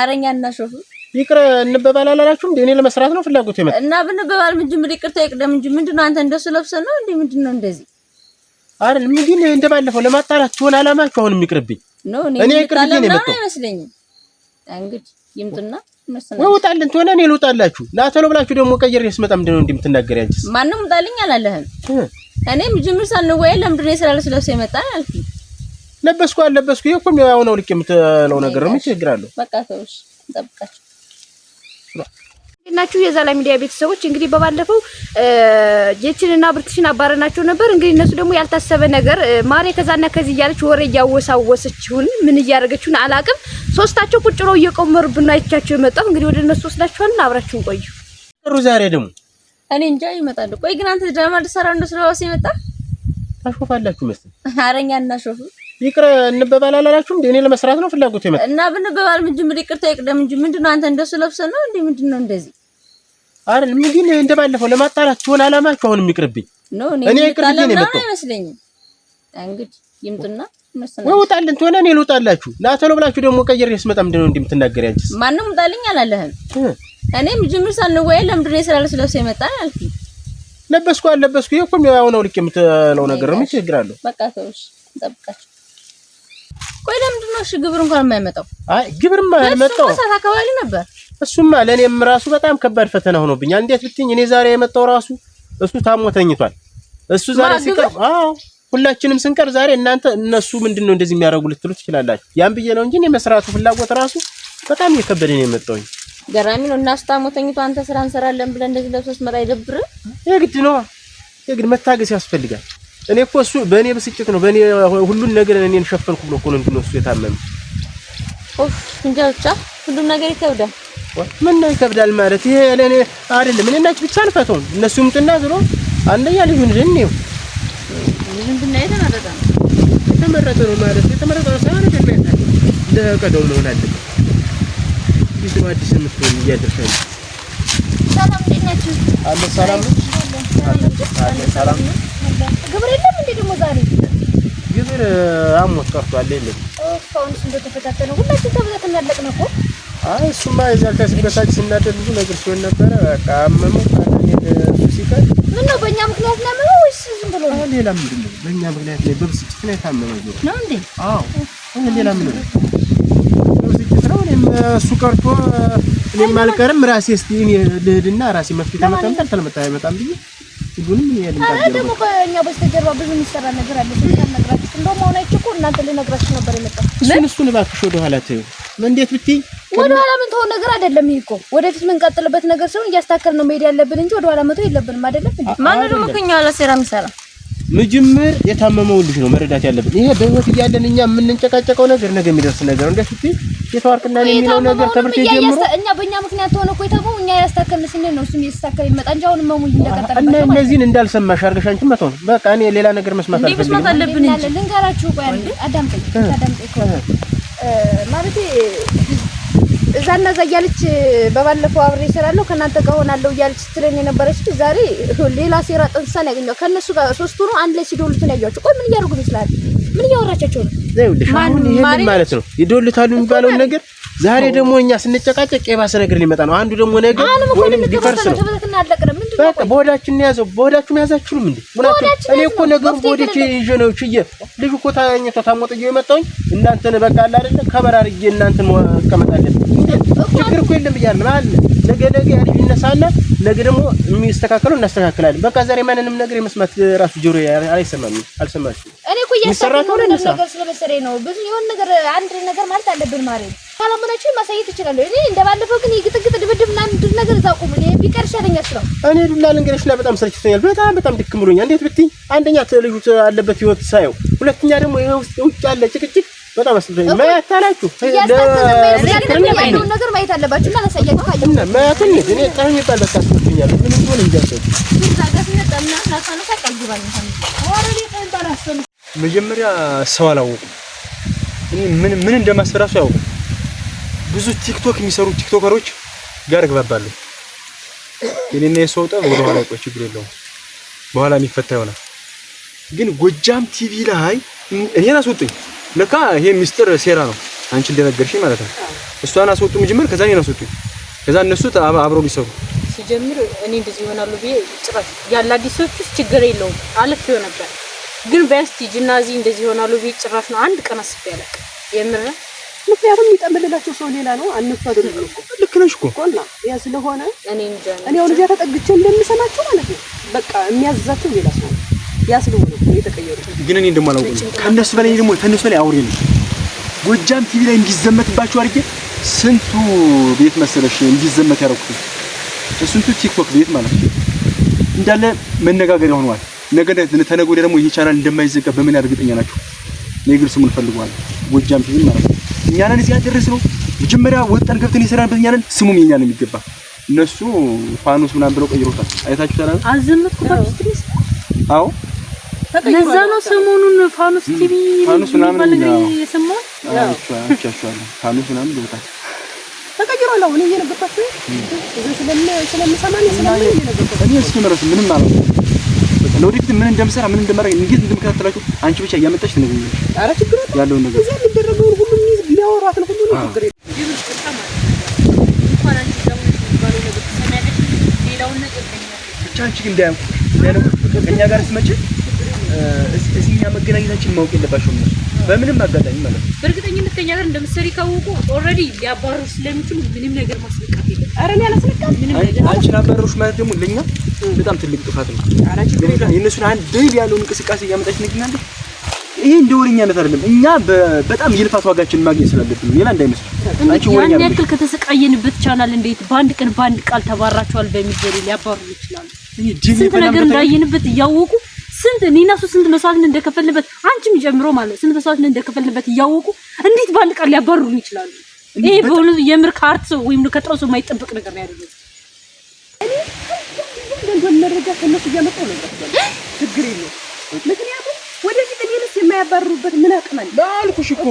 አረኛ እና ሾፉ ይቅር እንበባል አላላችሁም እንዴ? እኔ ለመስራት ነው ፍላጎት የመጣ እና ብንበባል ምን ጅምር ይቅርታ ይቅደም እንጂ ምንድነው አንተ እንደሱ ለብሰ ነው እንዴ? ምንድነው እንደዚህ አረ ምን ግን እንደባለፈው ለማጣላት ትሆን አላማችሁ። አሁንም ይቅርብኝ ነው እኔ ይቅርብኝ ነው የመጣው አይመስለኝም። እንግዲህ ይምጡና ወይ ውጣልን ትሆነ እኔ ልውጣላችሁ ነው ብላችሁ ደግሞ ቀይሬ ስመጣ ምንድነው እንዴ የምትናገሪ አንቺስ? ማንም ውጣልኝ አላለህም። እኔም ጅምር ሳንወያይ ለምንድነው የስራ ልብስ ለብሰ ይመጣል አልኩኝ። ለበስኩ አለበስኩ ይሄ እኮ ያው ነው። ልክ የምትለው ነገር ነው። ችግር አለው። በቃ ተውሽ፣ እንጠብቃችሁ ናችሁ የዛላ ሚዲያ ቤተሰቦች። እንግዲህ በባለፈው ጀችንና ብርትሽን አባረናቸው ነበር። እንግዲህ እነሱ ደግሞ ያልታሰበ ነገር ማሬ ከዛና ከዚህ እያለች ወሬ እያወሳወሰችውን ምን እያደረገችውን አላቅም። ሶስታቸው ቁጭ ብለው እየቆመሩብን ነው አይቻቸው የመጣሁ እንግዲህ ወደ እነሱ ወስዳችኋልና አብራችሁን ቆዩ። ሩ ዛሬ ደግሞ እኔ እንጃ ይመጣሉ። ቆይ ግን አንተ ድራማ ልትሰራ እንደስለዋስ ይመጣ ታሾፋላችሁ መስል አረኛ እናሾፍ ይቅር እንበባል አላላችሁም? እኔ ለመስራት ነው ፍላጎት የመጣ እና ብንበባል ምን ጅምር ይቅርታ ይቅደም እንጂ ምንድን ነው አንተ እንደሱ ለብሰ ነው እንዴ? ምንድን ነው እንደዚህ አረ ምንድን ነው እንደባለፈው ለማጣላት ሲሆን አላማችሁ አሁንም ይቅርብኝ። እኔ ይቅር ብዬ ነው የመጣው አይመስለኝም። እንግዲህ ይምጡና ወይ ውጣልን ትሆነ እኔ ልውጣላችሁ ላተሎ ብላችሁ ደግሞ ቀየር ስመጣ ምንድን ነው እንደምትናገሪ አንቺስ? ማንም ውጣልኝ አላለህም። እኔም ጅምር ሳንወያይ ለምንድን ነው ስላለስ ለብሰ ይመጣል አልኩኝ። ለበስኩ አለበስኩ ይሄ እኮ ያው ነው ልክ የምትለው ነገር ምን ችግር አለው? በቃ ተውሽ፣ እንጠብቃቸው ቆይ ለምንድን ነው እሺ ግብር እንኳን የማይመጣው? አይ ግብርማ ያልመጣው ሰዓት አካባቢ ነበር። እሱማ ለእኔም ራሱ በጣም ከባድ ፈተና ሆኖብኛል። እንዴት ብትኝ እኔ ዛሬ የመጣው ራሱ እሱ ታሞ ተኝቷል። እሱ ዛሬ ሲቀር አዎ ሁላችንም ስንቀር ዛሬ እናንተ እነሱ ምንድን ነው እንደዚህ የሚያደርጉ ልትሉ ትችላላችሁ። ያን ብዬ ነው እንጂ እኔ መስራቱ ፍላጎት ራሱ በጣም እየከበደ ነው የመጣሁኝ። ገራሚ ነው። እናሱ ታሞ ተኝቶ አንተ ስራ እንሰራለን ብለን እንደዚህ ለብሶ ስትመጣ አይደብርም? የግድ ነው የግድ መታገስ ያስፈልጋል። እኔ እኮ እሱ በእኔ ብስጭት ነው በእኔ ሁሉን ነገር እኔን ሸፈንኩ ብሎ እኮ ነው እንዲነሱ የታመመ ኦፍ እንጃ ብቻ ሁሉም ነገር ይከብዳል። ምን ነው ይከብዳል ማለት ይሄ ለኔ አይደለም። እኔ እናች ብቻ አንፈተው እነሱ ምጥና ዝሮ አንደኛ ልዩን ዝን ነው ተመረጠ ነው የተመረጠ ነው ማለት የተመረጠ ነው ሳይሆን አዲስ የምትሆን ሰላም፣ እንዴት አለ ሰላም፣ አለ ሰላም ግብር የለም እንዴ? ደግሞ ዛሬ ግብር አሞት ቀርቷል። የለም እስካሁንስ እንደተፈታተነ ሁላችን ተበታተን ያለቅን እኮ። አይ እሱማ ብዙ ነገር ሲሆን ነበረ። ምን ነው በእኛ ምክንያት ነው ያመመው ወይስ ዝም ብሎ ነው? ሌላ ምንድን ነው? በእኛ ምክንያት ነው በብስጭት ነው የታመመው ነው እንዴ? አዎ ሌላ ምን ነው እሱ ቀርቶ እኔም አልቀርም ራሴ እስኪ እኔ ልሂድና ራሴ መፍትሄ ተመጣም ተመጣ አይመጣም ብዬ ሁሉንም ደግሞ ከእኛ በስተጀርባ ብዙ የሚሰራ ነገር አለ። እንደውም አሁን አይቼ እኮ እናንተ ልነግራችሁ ነበር እሱን እሱን እባክሽ ተይው። እንዴት ምን ነገር አይደለም። ይሄ እኮ ወደፊት የምንቀጥልበት ነገር ሲሆን እያስታከል ነው መሄድ ያለብን እንጂ ወደኋላ መተው የለብንም አይደለም። ማነው ደግሞ ከእኛ ኋላ ሴራ የሚሰራ ምጅምር የታመመው ልጅ ነው መረዳት ያለብን። ይሄ በህይወት እያለን እኛ የምንጨቃጨቀው ነገር ነገ የሚደርስ ነገር እንደ ፊት የተዋርቅና የሚለው ነገር ትምህርት ጀምሮ እኛ በእኛ ምክንያት ሆነ እኮ የታመመው እኛ ያስታከምን ስንል ነው። እሱም ያስታከም ይመጣ እንጂ አሁን መሙ እንደቀጠለ እና እነዚህን እንዳልሰማሽ አድርገሽ አንቺ ነው በቃ። እኔ ሌላ ነገር መስማት አልፈልግም። መስማት አለብን እንጂ ልንገራችሁ። ቆይ አንዴ አዳምጠኝ፣ አዳምጠኝ ማለት እዛ እና እዛ እያለች በባለፈው አብሬ እሰራለሁ ከእናንተ ጋር ሆናለሁ እያለች ስትለኝ የነበረች ዛሬ ሌላ ሴራ ጥንሳን ነው ያገኘኋት። ከእነሱ ጋር ሶስቱ ነው አንድ ላይ ሲደውሉትን ያየኋቸው። ቆይ ምን እያደረጉ ይመስላል? ምን እያወራቻቸው ነው? ይህንን ማለት ነው ይደውሉታሉ የሚባለውን ነገር ዛሬ ደግሞ እኛ ስንጨቃጨቅ የባሰ ነገር ሊመጣ ነው። አንዱ ደግሞ ነገር ወይንም ሊፈርስ ነው። በቃ በሆዳችን ያዘው። በሆዳችሁ ያዛችሁም እንዴ? እኔ እኮ ነገሩ በሆዴ ይዤ ነው ችዬ ልጅ እኮ ታኛቶ ታሞጥዬ የመጣሁኝ እናንተን በቃ አለ አይደለ ከበር አድርጌ እናንተን መቀመጥ አለብን ችግር እኮ የለም ብያለሁ አለ። ነገ ነገ ያ ልጅ ይነሳና ነገ ደግሞ የሚስተካከለው እናስተካክላለን። በቃ ዛሬ ማንንም ነገር የመስማት ራሱ ጆሮ አይሰማም። አልሰማችም። እኔ እኮ እያሰራሁ ነው ነገር ስለመሰለኝ ነው። ብዙ የሆነ ነገር አንድ ነገር ማለት አለብን ማለት ካላመናችሁ ማሳየት ይችላል። እኔ እንደባለፈው ግን ይግጥግጥ ድብድብ ምናምን ድር ነገር እዛ ቁም። እኔ ቢቀር ይሻለኛል ስለው እኔ ዱላ ላይ በጣም ሰልችቶኛል። በጣም በጣም ድክም ብሎኛል። እንዴት ብትይ አንደኛ ልዩ አለበት ህይወት ሳየው፣ ሁለተኛ ደግሞ ይሄ ውስጥ ውጭ ያለ ጭቅጭቅ በጣም አስልቶኝ ማየት አላችሁ። ነገር ማየት አለባችሁ እና ላሳያችሁ እኔ ጣም መጀመሪያ ሰው አላወቁም። ምን ምን እንደማስፈራሱ አያውቁም። ብዙ ቲክቶክ የሚሰሩ ቲክቶከሮች ጋር እግባባለሁ። እኔና የሰው ጠብ ወደ ኋላ ቆይ፣ ችግር የለውም በኋላ የሚፈታ ይሆናል። ግን ጎጃም ቲቪ ላይ እኔን አስወጡኝ። ለካ ይሄ ሚስጥር ሴራ ነው። አንቺ እንደነገርሽኝ ማለት ነው። እሷን አስወጡ መጀመር፣ ከዛ እኔን አስወጡኝ፣ ከዛ እነሱ አብሮ ሊሰሩ ሲጀምር እኔ እንደዚህ ይሆናሉ ብዬ ጭራሽ ያለ አዲሶች ውስጥ ችግር የለውም አለፍ ይሆን ነበር። ግን በስቲ ጂምናዚ እንደዚህ ይሆናሉ ብዬ ጭራሽ ነው አንድ ቀን አስቤ አላውቅም። የምር ምክንያቱም የሚጠምልላቸው ሰው ሌላ ነው። አንሱ አይደለም እኮ ልክ ነሽ እኮ ቆላ ያ ስለሆነ እኔ እንጃ እኔ አሁን እዚያ ተጠግቼ እንደምሰማቸው ማለት ነው። በቃ የሚያዝዛቸው ሌላ ሰው ግን እኔ እንደማላውቀው ከእነሱ በላይ ደግሞ ከእነሱ በላይ አውሬ ነው። ጎጃም ቲቪ ላይ እንዲዘመትባቸው አድርጌ ስንቱ ቤት መሰለሽ እንዲዘመት ያደረኩት ስንቱ ቲክቶክ ቤት ማለት ነው እንዳለ መነጋገሪያ ሆነዋል። ነገ ተነገ ወዲያ ደግሞ ይሄ ቻናል እንደማይዘጋ በምን እርግጠኛ ናቸው? የግል ስሙን ፈልገዋል። ጎጃም ቲቪ ማለት ነው። እኛ ነን እዚህ ያደረስነው። መጀመሪያ ወጣን ገብተን የሰራንበት እኛ ነን። ስሙም የኛ ነው የሚገባ። እነሱ ፋኖስ ምናምን ብለው ቀይሮታል። አይታችሁ ታላል አዘምትኩ አዎ ለዛ ነው ሰሞኑን ፋኑስ ቲቪ ፋኑስ ምናምን የሰማሁት። ፋኑስ ምናምን ይወጣል እየነገርኳቸው እኔ እስኪመረስ ምንም ማለት ነው። ለወደፊት ምን እንደምሰራ ምን እንደማደርግ እንዴት እንደምከታተላችሁ አንቺ ብቻ እያመጣች ትነግሪኛለሽ። ኧረ ችግር የለም ያለውን ነገር እዚህ የሚደረገውን ሁሉ ሊያወሯት ነው ሁሉ ችግር የለም ብቻ አንቺ ግን እንዳያውቁ ከእኛ ጋር ስመጪ እዚህ እኛ መገናኘታችን ማወቅ የለባቸውም በምንም አጋጣሚ ማለት ነው። በእርግጠኝነት ከኛ ጋር እንደምትሰሪ ካወቁ ኦልሬዲ ሊያባሩ ስለሚችሉ ምንም ነገር ማስለቃት የለም። ኧረ እኔ አላስለቃም ምንም ነገር። አንቺን አባረሩሽ ማለት ደግሞ ለእኛ በጣም ትልቅ ጥፋት ነው። የእነሱን አንድ ድል ያለውን እንቅስቃሴ እያመጣች ንግናለች። ይሄ እንደ ወሬኛነት አይደለም። እኛ በጣም የልፋት ዋጋችን ማግኘት ስላለብን ሌላ እንዳይመስል። ያን ያክል ከተሰቃየንበት ቻናል እንዴት በአንድ ቀን በአንድ ቃል ተባራቸዋል በሚል ሊያባሩ ይችላሉ። ስንት ነገር እንዳየንበት እያወቁ ስንት እኔ እሱ ስንት መስዋዕትን እንደከፈልንበት አንቺም ጀምሮ ማለት ስንት መስዋዕትን እንደከፈልንበት እያወቁ እንዴት በአንድ ቃል ሊያባርሩን ይችላሉ? ይሄ በእውነቱ የምር ከአርት ወይም ከጥረው ሰው የማይጠበቅ ነገር ነው ያደረገው። ገንዘብ መረጃ ከነሱ እያመጣሁ ነው። ችግር የለውም። ምክንያቱም ወደፊት እኔንስ የማያባርሩበት ምን አቅም አለ አልኩሽ እኮ።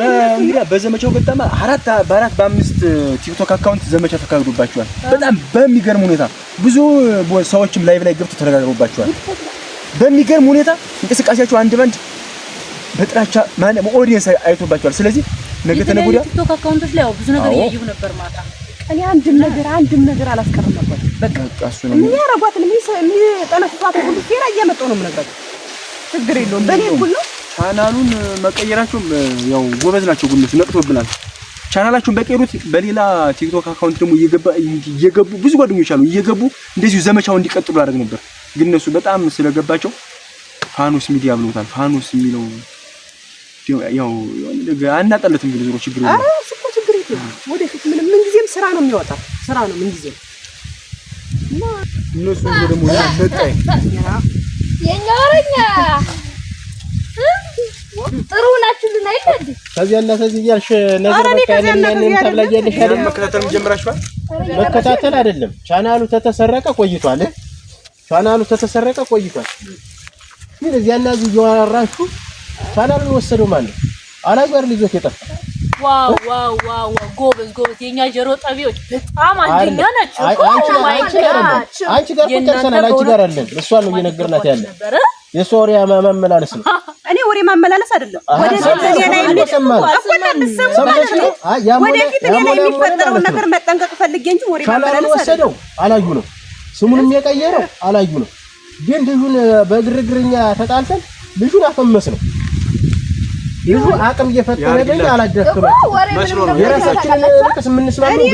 እንግዲህ በዘመቻው በጣም አራት በአራት በአምስት ቲክቶክ አካውንት ዘመቻ ተካሂዶባቸዋል። በጣም በሚገርም ሁኔታ ብዙ ሰዎችም ላይቭ ላይ ገብተው ተነጋግሮባቸዋል። በሚገርም ሁኔታ እንቅስቃሴያቸው አንድ በንድ በጥላቻ ማን ኦዲየንስ አይቶባቸዋል። ስለዚህ ነገ ተነገወዲያ ቲክቶክ አካውንቶች ላይ ብዙ ነገር እያየሁ ነበር። ማታ እኔ አንድም ነገር አንድም ነገር አላስቀረም ነበር። በቃ እሱ ነው የሚያረጓትን የሚጠነስሷት ሁሉ ዜና እያመጣሁ ነው የምነግራቸው። ችግር የለውም በእኔ ሁሉ ቻናሉን መቀየራቸውም ያው ጎበዝ ናቸው። ጉልስ ነቅቶብናል። ቻናላችሁን በቀይሩት በሌላ ቲክቶክ አካውንት ደግሞ እየገቡ ብዙ ጓደኞች አሉ እየገቡ እንደዚሁ ዘመቻው እንዲቀጥሉ አደረግ ነበር። ግን እነሱ በጣም ስለገባቸው ፋኖስ ሚዲያ ብሎታል። ፋኖስ የሚለው ያው አናጠለት እንግዲህ ዞሮ ችግር ነው። እሱ እኮ ችግር የለም። ወደፊት ምንም ምን ስራ ነው የሚወጣ ስራ ነው ምን ጊዜም እነሱ ደግሞ ሰጣይ የኛረኛ ጥሩ ናችሁ ልናይ ከዚህ ከዚያና ከዚህ እያልሽ ነገር በቃ ያንን ተብላ እያልሽ አይደል? መከታተል ጀምራችኋል። መከታተል አይደለም ቻናሉ ተተሰረቀ ቆይቷል። ቻናሉ ተተሰረቀ ቆይቷል። ግን እዚያና እዚህ እያወራችሁ ቻናሉ የወሰደው ማለት አላዛር ልጆት የጠፋ ዋው ዋው ዋው ጎበዝ ጎበዝ፣ የኛ በጣም አንቺ ጋር አለን። እሷን ነው እየነገርናት ያለ የእሷ ወሬ ማመላለስ ነው። እኔ ወሬ ማመላለስ አይደለም። ወደፊት የሚፈጠረውን ነገር መጠንቀቅ ፈልጌ እንጂ ወሬ ማመላለስ አይደለም። አላዩ ነው ስሙንም የቀየረው አላዩ ነው። ግን ልጁን በግርግርኛ ተጣልተን ልጁን አፈመስ ነው። ልጁ አቅም እየፈጠረልኝ አላደረክም። የራሳችንን ልቅስ የምንስማማው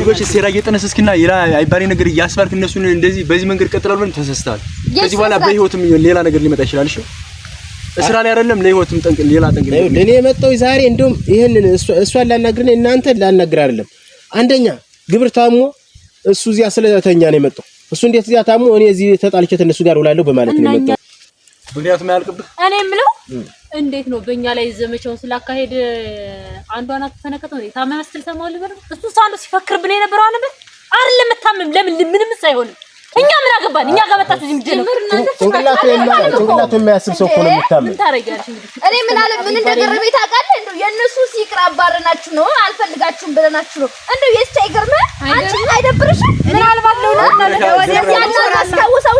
ልጆች ሴራ እየጠነሰስክና አይባሪ ነገር እያስባልክ እነሱን እንደዚህ በዚህ መንገድ ቀጥላሉ ብለን ተሰስተሃል። ከዚህ በኋላ በህይወትም ሌላ ነገር ሊመጣ ይችላል። እሺ እስራ ላይ አይደለም ለህይወትም ጠንቅ ሌላ ጠንቅ ነው። ለኔ የመጣው ዛሬ እንደውም ይሄንን እሷን ላናግርና እናንተን ላናግር አይደለም። አንደኛ ግብር ታሞ እሱ እዚያ ስለተኛ ነው የመጣው። እሱ እንዴት እዚያ ታሞ እኔ እዚህ ተጣልቼ እነሱ ጋር እውላለሁ በማለት ነው የመጣው። ምክንያቱም አያልቅብህ። እኔ የምለው እንዴት ነው በእኛ ላይ ዘመቻውን ስላካሄድ አንዷን ተነከተ ነው ታመህ መስትል ሰማሁህ ልበል። እሱ ሳንዱ ሲፈክርብን የነበረው አለበት አይደለም፣ ለምታምም ለምን ምንም ሳይሆን እኛ ምን አገባን? እኛ ጋር መጣችሁ ነው ጭንቅላቱ የሚያስብ ሰው እኮ ነው የምታመኝ። እኔ ምን አለ ምን እንደገረመኝ ታውቃለህ? እንደው የእነሱ ሲቅር አባረናችሁ ነው አልፈልጋችሁም ብለናችሁ ነው። እንደው የስቻ ይገርመህ። አንቺ አይደብርሽም? ምናልባት ነው ነው ነው ነው ነው ነው ነው